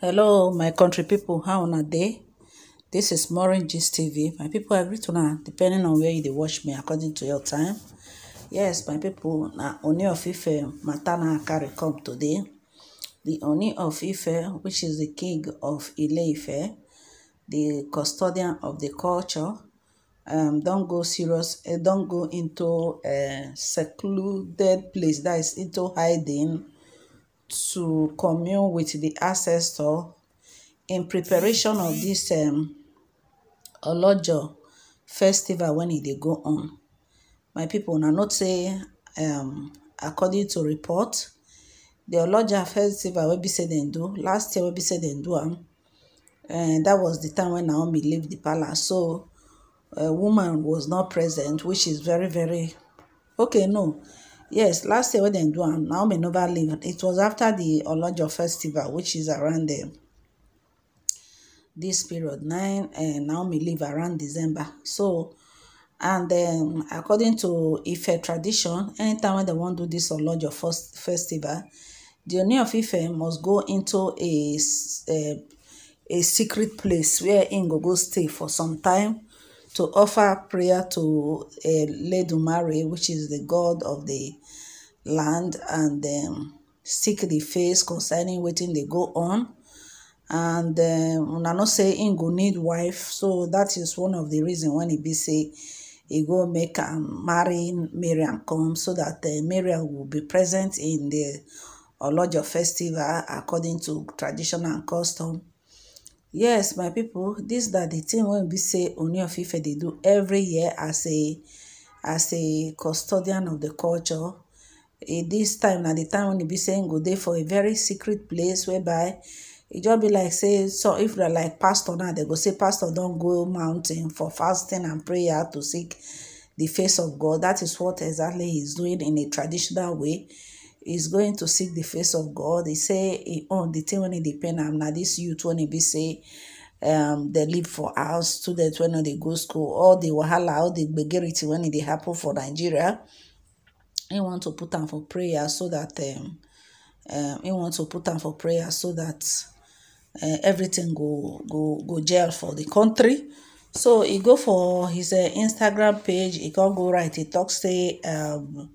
hello my country people. how are they? This is morin gist tv my people, greet you now. depending on where you watch me according to your time yes my people. na oni of ife mata na come today The oni of ife which is the king of ile ife the custodian of the culture um, don't go serious uh, eh, not go into a eh, secluded place that is into hiding to commune with the ancestor in preparation of this um, Olojo festival when it dey go on. My people, now not say um, according to report, the Oloja festival will be say dem do last year will be say dem do am, and um, that was the time when Naomi leave the palace. So a woman was not present, which is very very okay. No, yes last year when dem do am naomi nova leave it was after the olojo festival which is around the this period nine and eh, naomi leave around december so and then according to ife tradition anytime when they want to do dis olojo festival the oni of ife must go into a eh, a secret place where Ingo go stay for some time to offer prayer to eh, Ledumare, which is the god of di land and um, seek di face concerning wetin dey go on and um, know say im go need wife so dat is one of di reason wen e be say e go make am marry mary come so dat eh, mary will be present in di olojo festival according to tradition and custom. yes my people. This that the thing when we say oni of ife do every year as a as a custodian of the culture eh, This time now the time when you be say im go for a very secret place whereby it just be like say so if they're like pastor now they go say pastor don't go mountain for fasting and prayer to seek the face of god That is what exactly he's doing in a traditional way is going to seek the face of God. He say he eh, own oh, the thing when he depend am na this youth when he be say um they live for house, students when they go school, all the wahala, all the gbegerity when it happen for Nigeria. He want to put them for prayer so that um, um he want to put them for prayer so that uh, everything go go go jail for the country. So he go for his uh, Instagram page, he can go right, he talks. say um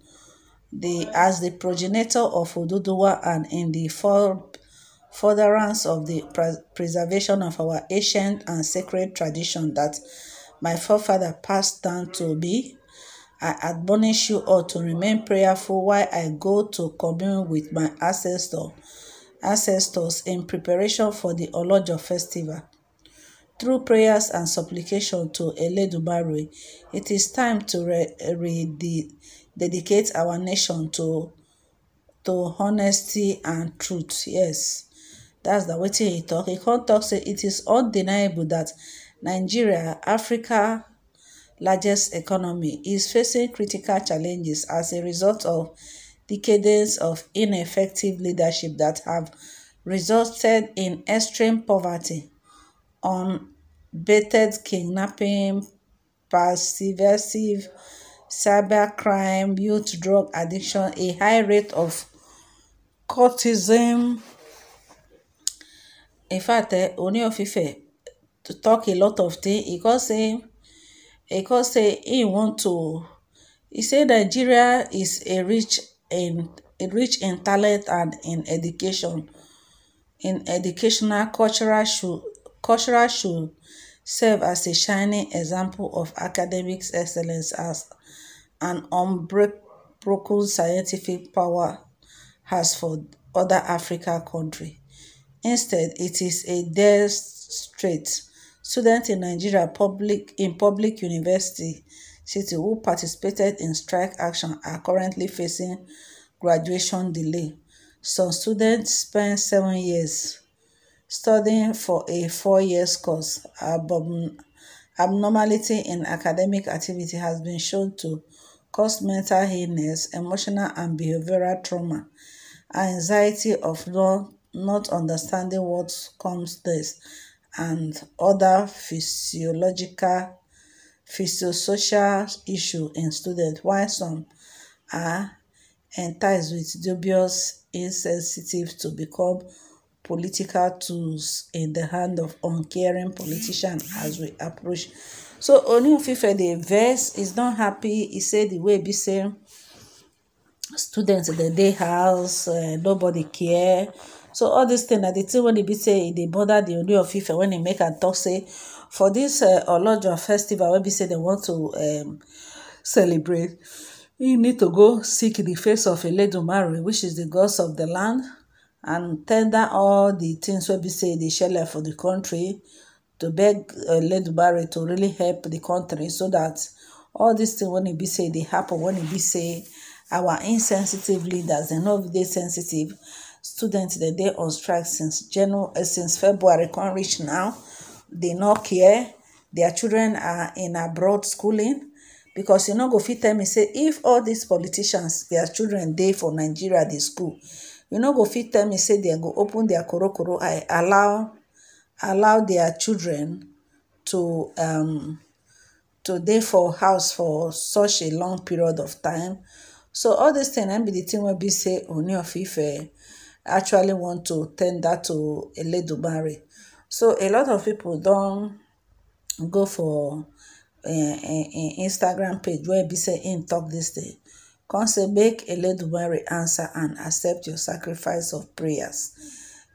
the, as the progenitor of Oduduwa and in the for, furtherance of the preservation of our ancient and sacred tradition that my forefather passed down to me. I admonish you all to remain prayerful while I go to commune with my ancestor, ancestors in preparation for the Olojo festival. Through prayers and supplication to Eledumare, it is time to re, re, the, dedicate our nation to to honesty and truth yes that's the wetin e tok e come tok say it is undeniable that nigeria africa largest economy is facing critical challenges as a result of decades of ineffective leadership that have resulted in extreme poverty unbated kidnapping pervasive cybercrime, youth drug addiction, a high rate of cultism. In fact, eh, Ooni of Ife to talk a lot of things. He cause say, he cause say he want to. He say Nigeria is a rich in a rich in talent and in education, in educational, cultural should cultural should serve as a shining example of academic excellence as an unbroken scientific power has for other Africa countries. Instead, it is a dire strait. Students in Nigeria public in public university city who participated in strike action are currently facing graduation delay. Some students spent seven years studying for a four years course. abnormality in academic activity has been shown to cause mental illness, emotional and behavioral trauma, anxiety of not, not understanding what comes next, and other physiological, physiosocial issues in students, while some are enticed with dubious insensitive to become political tools in the hand of uncaring politicians as we approach. So Ooni Fife dey vex, he's not happy. He said the way be say students the day house, uh, nobody care. So all this thing that the thing when e be say e bother the Ooni of Ife when they make a talk say for this uh, Olojo festival wey be say dem want to um, celebrate, you need to go seek the face of Eledumare, which is the gods of the land and tender all the things wey be say e dey shele for the country to beg eh, Ledubare to really help the country so that all these things when e be say dey happen when e be say our insensitive leaders dem no dey sensitive students dem dey on strike since january eh, since february come reach now dey no care their children are in abroad schooling because you no go fit tell me say if all these politicians their children dey for nigeria dey school you no go fit tell me say they go open their korokoro I allow allow their children to um to dey for house for such a long period of time so all this thing na be the thing will be say only of ife actually want to turn that to a eledobare so a lot of people don't go for eh, eh, eh, instagram page where be say in talk this day. Come say, make Eledumare answer and accept your sacrifice of prayers.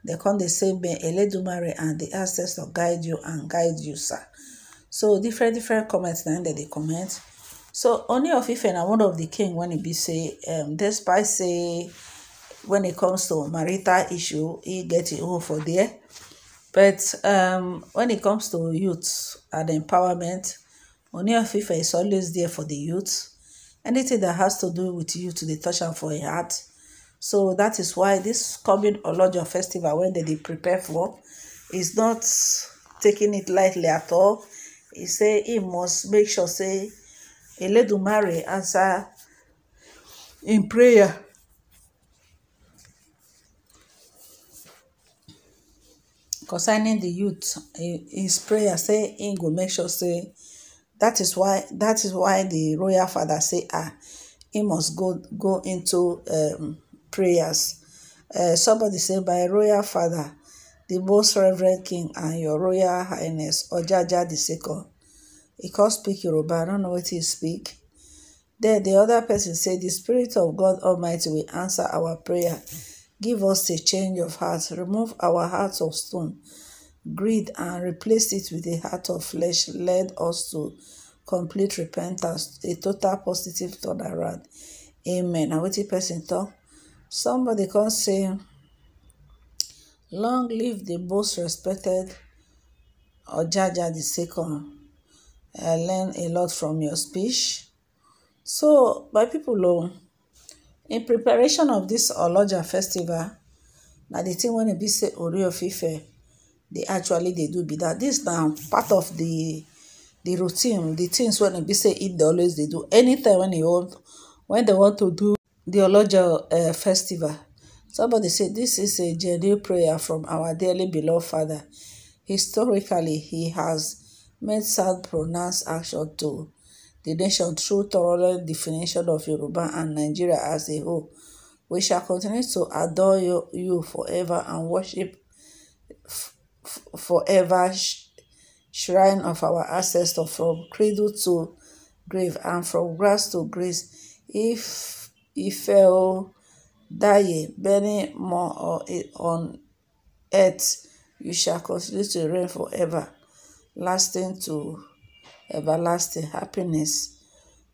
They come, they say, may Eledumare and the ancestor guide you and guide you, sir. So different, different comments now that they comment. So only of Ife and one of the king when he be say, um, despite say, when it comes to marital issue, he get it own for there. But um, when it comes to youth and empowerment, only of Ife is always there for the youth anything that has to do with you to the touch and for im heart so that is why this coming olojo festival when they dey prepare for is not taking it lightly at all He say he must make sure say eledumare answer in prayer concerning the youth eh, his prayer say he go make sure say That is why that is why the royal father say ah, he must go go into um, prayers. Uh, somebody say by royal father, the most reverend king and your royal highness Ojaja the second. He can't speak Yoruba. I don't know what he speak. Then the other person say, The Spirit of God Almighty will answer our prayer. Give us a change of heart. Remove our hearts of stone greed and replaced it with a heart of flesh led us to complete repentance, a total positive turnaround. Amen. And wetin person talk? Somebody can say, Long live the most respected Ojaja the second. I learned a lot from your speech. So, my people, oh, in preparation of this Oloja festival, na the thing when e be say Ori fife. They actually they do be that this now part of the the routine the things wey e be say e dey always dey do anytime when e want when they want to do the olojo uh, festival somebody said this is a genuine prayer from our dearly beloved father historically he has made sound pronounced action to the nation through thorough definition of Yoruba and Nigeria as a whole. We shall continue to adore you, you forever and worship forever shrine of our ancestors from cradle to grave and from grass to grace. If Ife o die, burning more on earth, you shall continue to reign forever, lasting to everlasting happiness.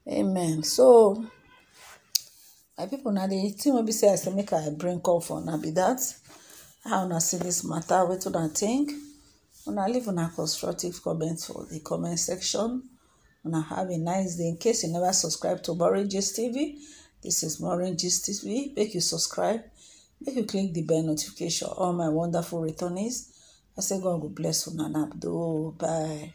Amen. So, my people, na the thing wey be say I say make I bring come for na be that how una see this matter wetin una think una leave una constructive comment for the comment section una have a nice day in case you never subscribe to maureen tv this is maureen tv make you subscribe make you click the bell notification all my wonderful returnees i say god go bless una and abdul bye.